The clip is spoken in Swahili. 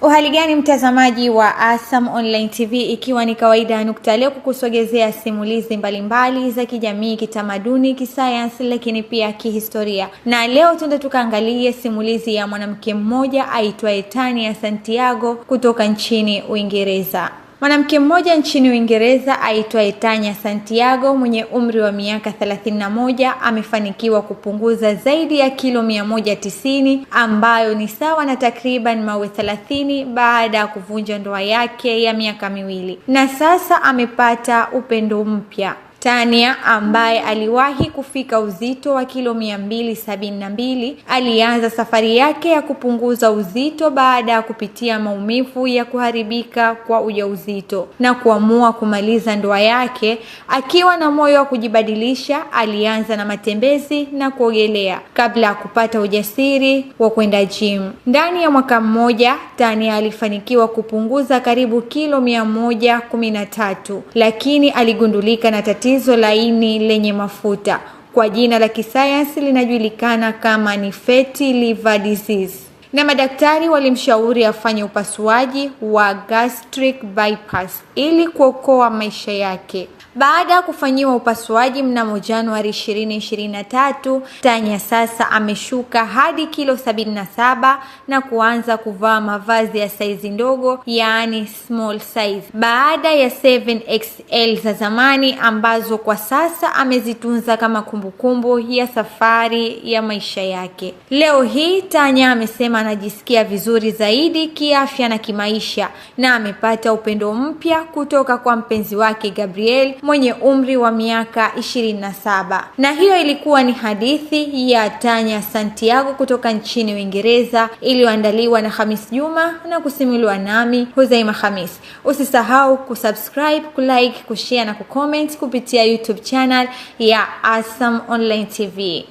Uhali gani mtazamaji wa Asam Online TV, ikiwa ni kawaida ya nukta leo kukusogezea simulizi mbalimbali mbali za kijamii, kitamaduni, kisayansi, lakini pia kihistoria. Na leo tunde tukaangalie simulizi ya mwanamke mmoja aitwaye Tania Santiago kutoka nchini Uingereza. Mwanamke mmoja nchini Uingereza aitwaye Tanya Santiago mwenye umri wa miaka 31 amefanikiwa kupunguza zaidi ya kilo 190 ambayo ni sawa na takriban mawe 30 baada ya kuvunja ndoa yake ya miaka miwili, na sasa amepata upendo mpya. Tania ambaye aliwahi kufika uzito wa kilo 272 alianza safari yake ya kupunguza uzito baada ya kupitia maumivu ya kuharibika kwa ujauzito na kuamua kumaliza ndoa yake. Akiwa na moyo wa kujibadilisha, alianza na matembezi na kuogelea kabla ya kupata ujasiri wa kwenda gym. Ndani ya mwaka mmoja, Tania alifanikiwa kupunguza karibu kilo 113, lakini aligundulika na tatizo zilizo laini lenye mafuta. Kwa jina la kisayansi linajulikana kama ni fatty liver disease na madaktari walimshauri afanye upasuaji wa gastric bypass ili kuokoa maisha yake. Baada ya kufanyiwa upasuaji mnamo Januari 2023, Tanya sasa ameshuka hadi kilo 77 na kuanza kuvaa mavazi ya saizi ndogo, yaani small size, baada ya 7XL za zamani ambazo kwa sasa amezitunza kama kumbukumbu ya safari ya maisha yake. Leo hii Tanya amesema anajisikia vizuri zaidi kiafya na kimaisha na amepata upendo mpya kutoka kwa mpenzi wake Gabriel mwenye umri wa miaka 27. Na hiyo ilikuwa ni hadithi ya Tanya Santiago kutoka nchini Uingereza iliyoandaliwa na Hamis Juma na kusimuliwa nami Huzaima Hamis. Usisahau kusubscribe, kulike, kushare na kucomment kupitia YouTube channel ya ASAM Online TV.